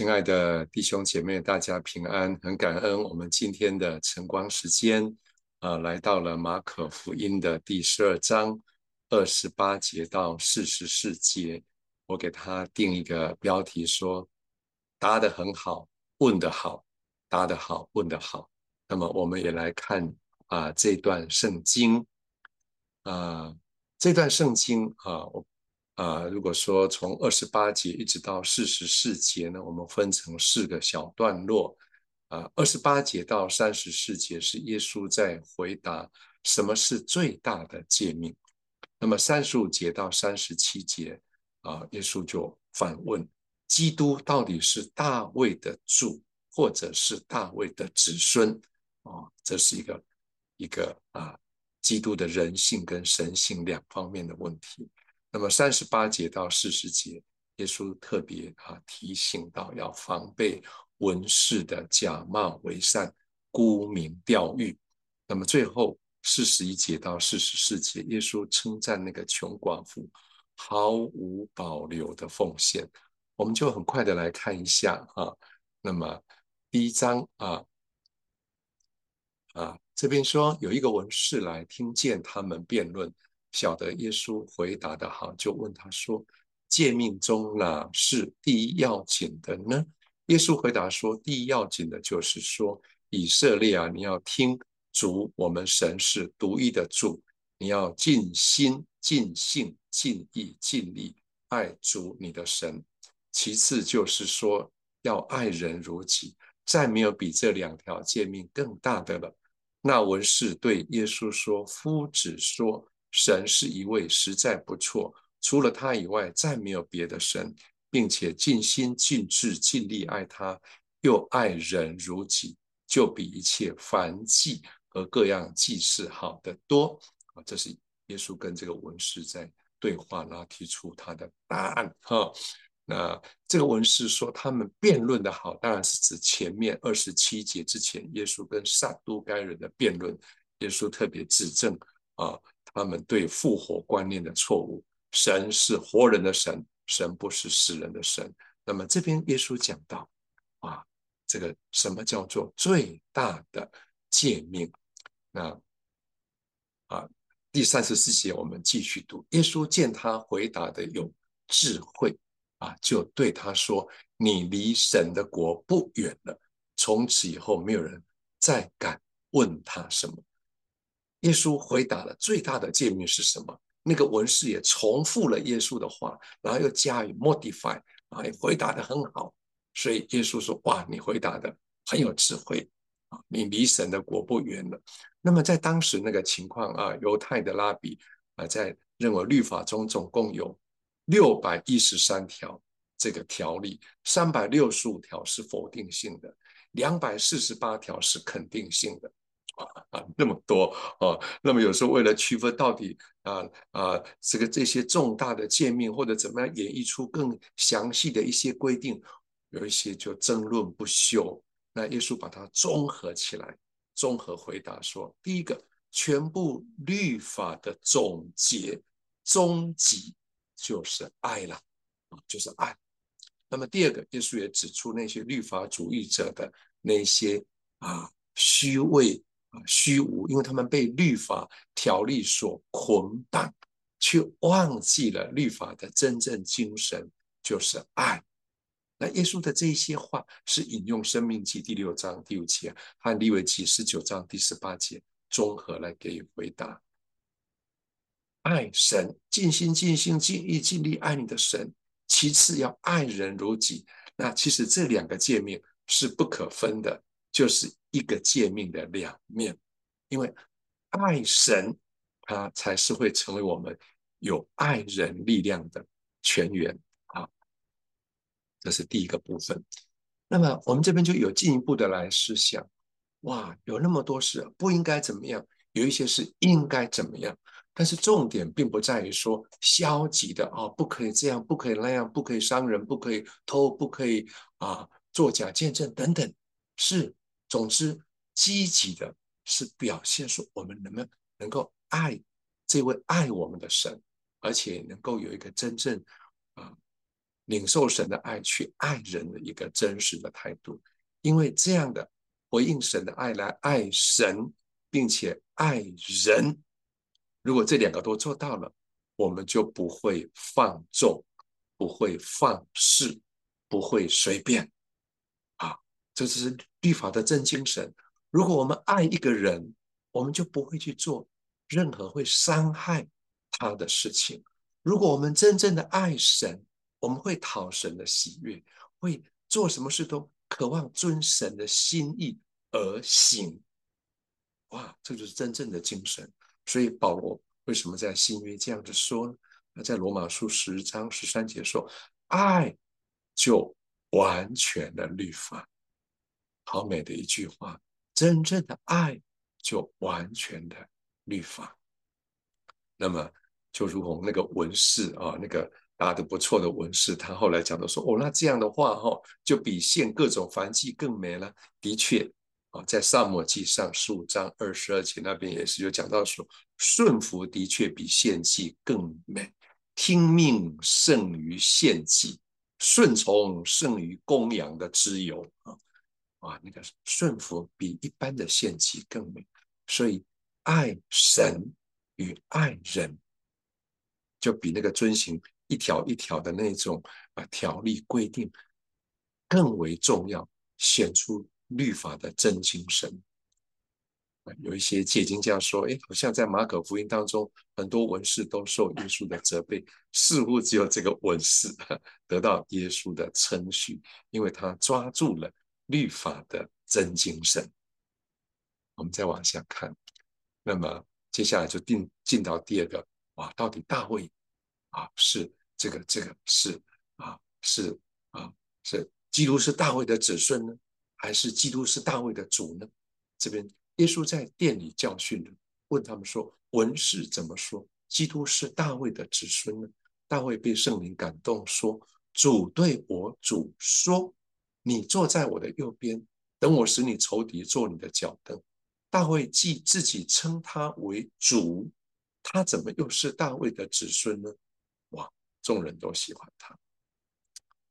親愛的弟兄姐妹，大家平安！很感恩我們今天的晨光時間，啊、呃，來到了馬可福音的第十二章二十八節到四十四節。我給他定一個標題，說：答得很好，問得好，答得好，問得好。那麼，我們也來看啊、呃、這段聖經，啊、呃，這段聖經啊，我、呃。啊，如果說從二十八節一直到四十四節呢，我們分成四個小段落。啊，二十八節到三十四節是耶穌在回答什麼是最大的誡命。那麼三十五節到三十七節，啊，耶穌就反問：基督到底是大衛的主，或者是大衛的子孫？啊，這是一個一個啊，基督的人性跟神性兩方面的問題。那麼三十八節到四十節，耶穌特別啊提醒到要防備文士的假冒為善，沽名釣譽。那麼最後四十一節到四十四節，耶穌稱讚那個窮寡婦毫無保留的奉獻。我們就很快的來看一下啊，那麼第一章啊啊，啊這邊說有一個文士來聽見他們辯論。曉得耶穌回答的好，就問他說：“誡命中哪是第一要緊的呢？”耶穌回答說：“第一要緊的，就是說，以色列啊，你要聽主，我們神是獨一的主，你要盡心、盡性、盡意、盡力愛主你的神。其次就是說，要愛人如己。再沒有比這兩條誡命更大的了。”那文士對耶穌說：“夫子說。”神是一位實在不錯，除了他以外，再沒有別的神，並且盡心盡智盡力愛他，又愛人如己，就比一切燔祭和各樣祭祀好得多。啊，這是耶穌跟這個文士在對話，然後提出他的答案。哈、哦，那這個文士說他們辯論的好，當然是指前面二十七節之前，耶穌跟撒都該人的辯論，耶穌特別指正。啊、呃。他們對復活觀念的錯誤，神是活人的神，神不是死人的神。那麼這邊耶穌講到，啊，這個什麼叫做最大的誡命？那啊，第三十四節我們繼續讀，耶穌見他回答的有智慧，啊，就對他說：“你離神的國不遠了，從此以後沒有人再敢問他什麼。”耶穌回答了最大的誡命是什麼？那個文士也重複了耶穌的話，然後又加以 modify，啊，回答得很好。所以耶穌說：“哇，你回答得很有智慧啊！你離神的國不遠了。”那麼在當時那個情況啊，猶太的拉比啊，在認為律法中總共有六百一十三條這個條例，三百六十五條是否定性的，兩百四十八條是肯定性的。啊，啊，那麼多啊，那麼有時候為了區分到底啊啊，這個這些重大的誡命，或者怎麼樣演繹出更詳細的一些規定，有一些就爭論不休。那耶穌把它綜合起來，綜合回答說：第一個，全部律法的總結、終極就是愛了，啊，就是愛。那麼第二個，耶穌也指出那些律法主義者的那些啊虛偽。啊，虛無，因為他們被律法條例所捆綁，卻忘記了律法的真正精神就是愛。那耶穌的這些話是引用《申命記》第六章第五節和《利未記》十九章第十八節，綜合來給予回答：愛神，盡心、盡心、盡意、盡力愛你的神；其次要愛人如己。那其實這兩個誡命是不可分的。就是一個誡命的兩面，因為愛神它才是會成為我們有愛人力量的泉源啊。這是第一個部分。那麼我們這邊就有進一步的來思想，哇，有那麼多事，不應該怎麼樣，有一些事應該怎麼樣。但是重點並不在於說消極的啊、哦，不可以這樣，不可以那樣，不可以傷人，不可以偷，不可以啊作假見證等等，是。總之，積極的是表現出我們能不能能夠愛這位愛我們的神，而且能夠有一個真正啊、呃，領受神的愛去愛人的一個真實的態度。因為這樣的回應神的愛來愛神，並且愛人，如果這兩個都做到了，我們就不會放縱，不會放肆，不會隨便。這就是律法的真精神。如果我們愛一個人，我們就不會去做任何會傷害他的事情。如果我們真正的愛神，我們會討神的喜悅，會做什麼事都渴望遵神的心意而行。哇，這就是真正的精神。所以保羅為什麼在新約這樣子說呢？他在羅馬書十章十三節說：“愛就完全的律法。”好美的一句話，真正的愛就完全的律法。那麼，就如同那個文士啊，那個答的不錯的文士，他後來講到說：“哦，那這樣的話哈、哦，就比獻各種燔祭更美了。”的確啊，在撒母耳記上十五章二十二節那邊也是有講到說，順服的確比獻祭更美，聽命勝於獻祭，順從勝於公羊的脂油。啊，那個順服比一般的獻祭更美，所以愛神與愛人就比那個遵循一條一條的那種啊條例規定更為重要，顯出律法的真精神啊！有一些解經家說：“哎，好像在馬可福音當中，很多文士都受耶穌的責備，似乎只有這個文士得到耶穌的稱許，因為他抓住了。”律法的真精神，我們再往下看。那麼接下來就進進到第二個，哇，到底大衛啊，是這個這個是啊是啊是？基督是大衛的子孫呢，還是基督是大衛的主呢？這邊耶穌在殿裡教訓的，問他們說：“文士怎麼說？基督是大衛的子孫呢？”大衛被聖靈感動，說：“主對我主說。”你坐在我的右邊，等我使你仇敵做你的腳凳。大衛既自己稱他為主，他怎麼又是大衛的子孫呢？哇，眾人都喜歡他。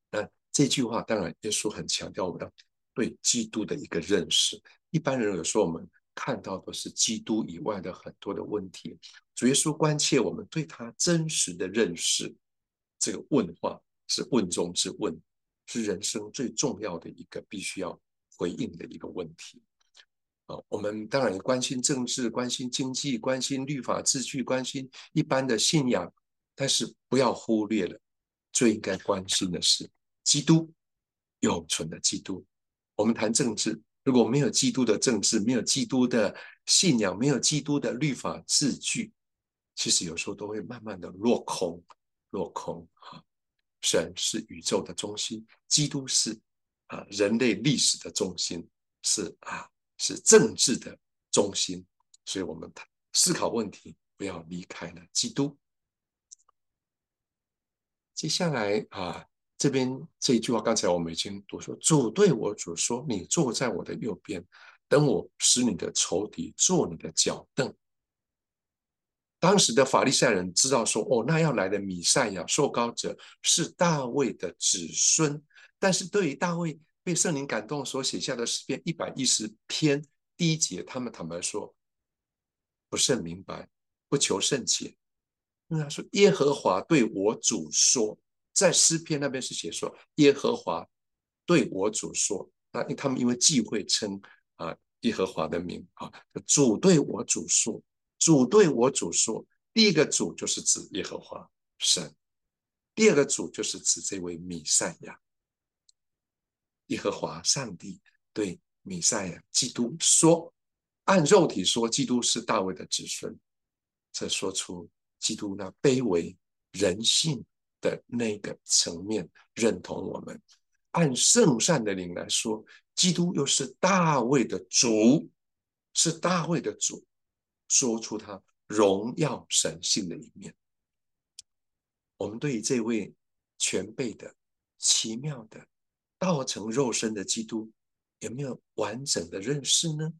那這句話，當然耶穌很強調我們的對基督的一個認識。一般人有時候我們看到的是基督以外的很多的問題。主耶穌關切我們對他真實的認識。這個問話是問中之問。是人生最重要的一個必須要回應的一個問題啊！我們當然關心政治，關心經濟，關心律法秩序，關心一般的信仰，但是不要忽略了最應該關心的是基督，永存的基督。我們談政治，如果沒有基督的政治，沒有基督的信仰，沒有基督的律法秩序，其實有時候都會慢慢的落空，落空啊！神是宇宙的中心，基督是啊人類歷史的中心，是啊是政治的中心，所以我們思考問題不要離開了基督。接下來啊這邊這一句話，剛才我們已經讀說，主對我主說，你坐在我的右邊，等我使你的仇敵坐你的腳凳。當時的法利賽人知道說：“哦，那要來的彌賽亞受高、受膏者是大衛的子孫。”但是，對於大衛被聖靈感動所寫下的詩篇一百一十篇第一節，他們坦白說不甚明白，不求甚解。因為他說：“耶和華對我主說。”在詩篇那邊是寫說：“耶和華對我主說。”那他們因為忌諱稱啊耶和華的名啊，主對我主說。主對我主說：“第一個主就是指耶和華神，第二個主就是指這位彌賽亞。耶和華上帝對彌賽亞基督說：按肉體說，基督是大衛的子孫，這說出基督那卑微人性的那個層面認同我們；按聖善的靈來說，基督又是大衛的主，是大衛的主。”說出他榮耀神性的一面，我們對於這位全備的、奇妙的道成肉身的基督，有沒有完整的認識呢？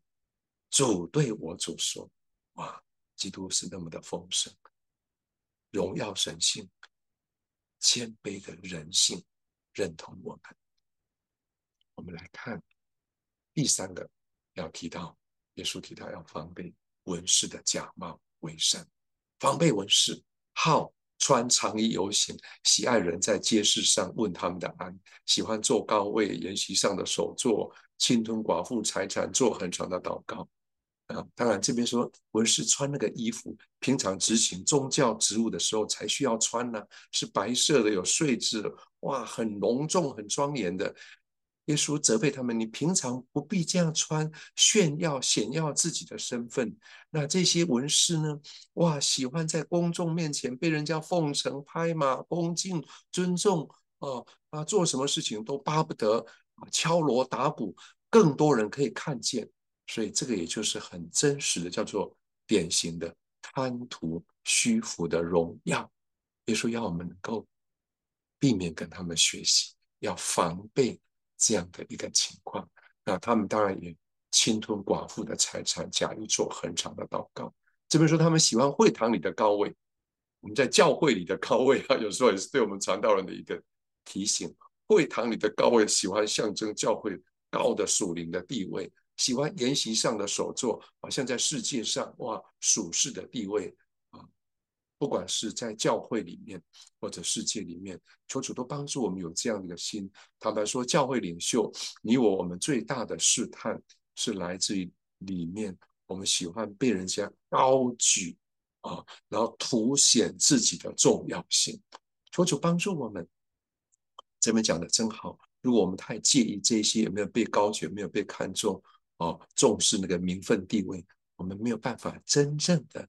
主對我主說：“哇，基督是那麼的豐盛，榮耀神性，謙卑的人性，認同我們。”我們來看第三個要提到，耶穌提到要防備。文士的假冒偽善，防備文士，好穿長衣遊行，喜愛人在街市上問他們的安，喜歡坐高位筵席上的首座，侵吞寡婦財產，做很長的禱告。啊，當然這邊說文士穿那個衣服，平常執行宗教職務的時候才需要穿呢、啊，是白色的，有穗子，哇，很隆重，很莊嚴的。耶穌責備他們：“你平常不必這樣穿炫，炫耀顯耀自己的身份。那這些文士呢？哇，喜歡在公眾面前被人家奉承、拍馬、恭敬、尊重啊啊、呃！做什麼事情都巴不得敲鑼打鼓，更多人可以看見。所以這個也就是很真實的，叫做典型的貪圖虛浮的榮耀。耶穌要我們能夠避免跟他們學習，要防備。”這樣的一個情況，那他們當然也侵吞寡婦的財產，假意做很長的禱告。這邊說他們喜歡會堂裡的高位，我們在教會裡的高位啊，有時候也是對我們傳道人的一個提醒。會堂裡的高位，喜歡象徵教會高的屬靈的地位，喜歡筵席上的首座，好像在世界上哇，屬世的地位。不管是在教會裡面或者世界裡面，求主都幫助我們有這樣的一個心。坦白說，教會領袖，你我我們最大的試探是來自於裡面，我們喜歡被人家高舉啊，然後凸顯自己的重要性。求主幫助我們。這邊講的真好。如果我們太介意這些有沒有被高舉，有沒有被看重啊，重視那個名分地位，我們沒有辦法真正的。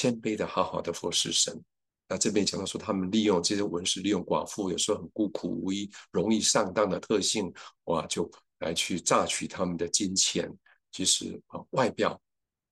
謙卑的好好的服事神，那這邊講到說，他們利用這些文士，利用寡婦有時候很孤苦無依、容易上當的特性，哇，就來去榨取他們的金錢。其實啊、呃，外表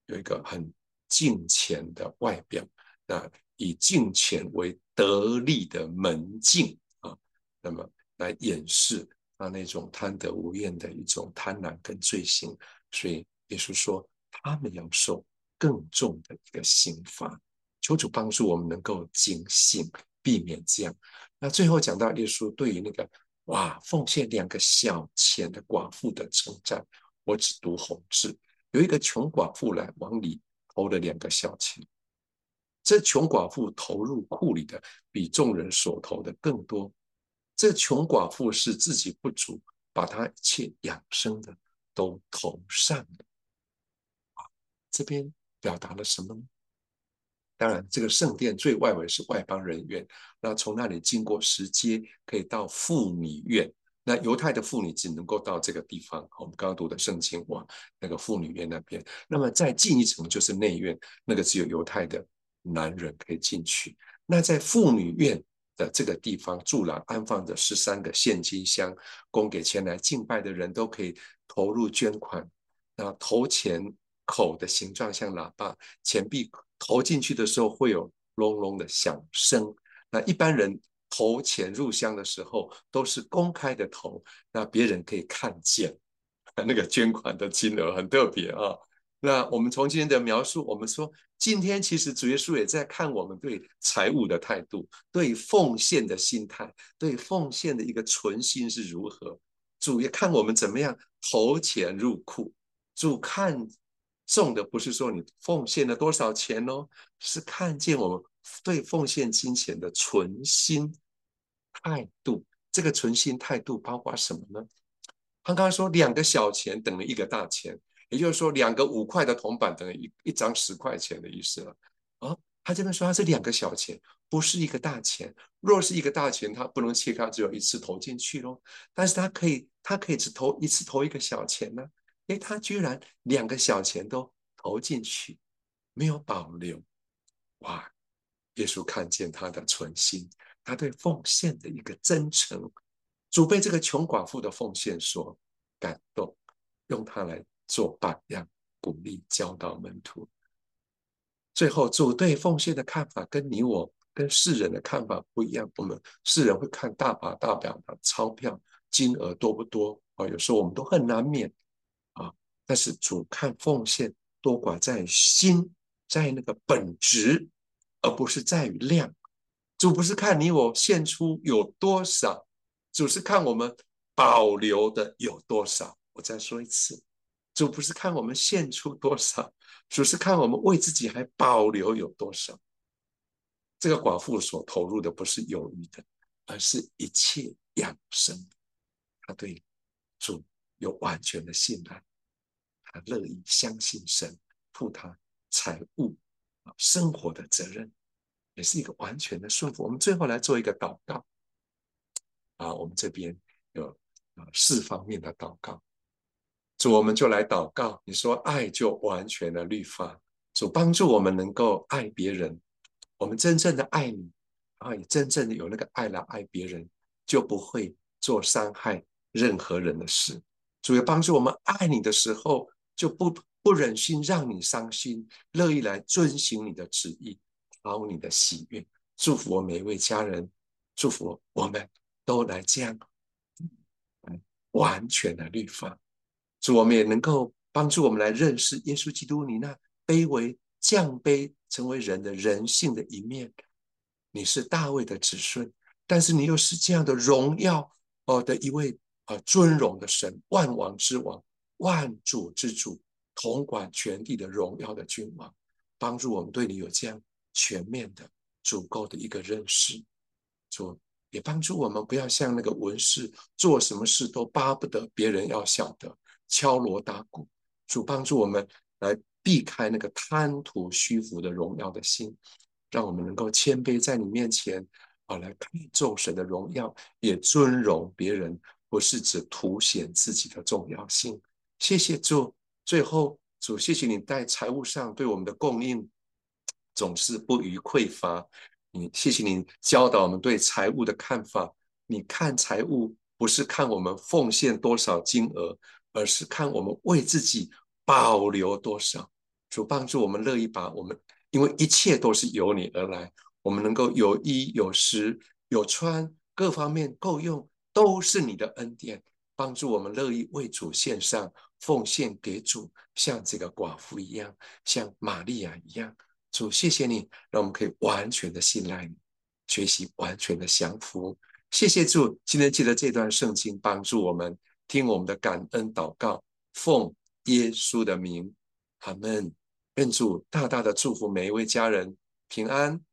有一個很敬虔的外表，那以敬虔為得利的門徑啊，那麼來掩飾他那種貪得無厭的一種貪婪跟罪行。所以耶穌說，他們要受。更重的一個刑罰，求主幫助我們能夠警醒，避免這樣。那最後講到耶穌對於那個哇，奉獻兩個小錢的寡婦的稱讚，我只讀紅字。有一個窮寡婦來往裡投了兩個小錢，這窮寡婦投入庫裡的比眾人所投的更多。這窮寡婦是自己不足，把她一切養生的都投上了。啊，這邊。表達了什麼？當然，這個聖殿最外圍是外邦人院，那從那裡經過石階，可以到婦女院。那猶太的婦女只能夠到這個地方。我們剛剛讀的聖經話，那個婦女院那邊。那麼再進一層就是內院，那個只有猶太的男人可以進去。那在婦女院的這個地方，柱廊安放着十三個現金箱，供給前來敬拜的人都可以投入捐款。那投錢。口的形狀像喇叭，錢幣投進去的時候會有隆隆的響聲。那一般人投錢入箱的時候都是公開的投，那別人可以看見那個捐款的金額很特別啊。那我們從今天的描述，我們說今天其實主耶穌也在看我們對財務的態度，對奉獻的心態，對奉獻的一個存心是如何。主也看我們怎麼樣投錢入庫，主看重的不是說你奉獻了多少錢哦，是看見我們對奉獻金錢的存心態度。這個存心態度包括什麼呢？他剛剛說兩個小錢等於一個大錢，也就是說兩個五塊的銅板等於一一張十塊錢的意思了啊、哦。他這邊說他是兩個小錢，不是一個大錢。若是一個大錢，他不能切開，只有一次投進去哦。但是他可以，他可以只投一次投一個小錢呢。欸，他居然兩個小錢都投進去，沒有保留。哇！耶穌看見他的存心，他對奉獻的一個真誠，主被這個窮寡婦的奉獻所感動，用他來做榜樣，鼓勵教導門徒。最後，主對奉獻的看法跟你我、跟世人的看法不一樣。我們世人會看大把大把的鈔票，金額多不多？啊，有時候我們都很難免。但是主看奉獻多寡在於心，在那個本質，而不是在於量。主不是看你我獻出有多少，主是看我們保留的有多少。我再說一次，主不是看我們獻出多少，主是看我們為自己還保留有多少。這個寡婦所投入的不是有餘的，而是一切養生的。他對主有完全的信賴。樂意相信神，付他財物啊生活的責任，也是一個完全的順服。我們最後來做一個禱告啊，我們這邊有啊四方面的禱告。主，我們就來禱告。你說愛就完全的律法，主幫助我們能夠愛別人，我們真正的愛你，啊，你真正的有那個愛來愛別人，就不會做傷害任何人的事。主，幫助我們愛你的時候。就不不忍心讓你傷心，樂意來遵行你的旨意，毫無你的喜悅，祝福我每一位家人，祝福我們都來這樣完全的律法。主，我們也能夠幫助我們來認識耶穌基督，你那卑微降卑，成為人的人性的一面。你是大衛的子孫，但是你又是這樣的榮耀哦的一位啊尊榮的神，萬王之王。萬主之主，統管全地的榮耀的君王，幫助我們對你有這樣全面的、足夠的一個認識，主也幫助我們不要像那個文士，做什麼事都巴不得別人要曉得，敲鑼打鼓。主幫助我們來避開那個貪圖虛浮的榮耀的心，讓我們能夠謙卑在你面前，啊，來看重神的榮耀，也尊榮別人，不是只凸顯自己的重要性。謝謝主，最後主，謝謝你在財務上對我們的供應總是不虞匱乏。你謝謝你教導我們對財務的看法。你看財務不是看我們奉獻多少金額，而是看我們為自己保留多少。主幫助我們樂意把我們，因為一切都是由你而來，我們能夠有衣有食有穿，各方面夠用，都是你的恩典。幫助我們樂意為主獻上、奉獻給主，像這個寡婦一樣，像瑪利亞一樣。主，謝謝你，讓我們可以完全的信賴你，學習完全的降服。謝謝主，今天記得這段聖經，幫助我們聽我們的感恩禱告，奉耶穌的名，阿門。願主大大的祝福每一位家人平安。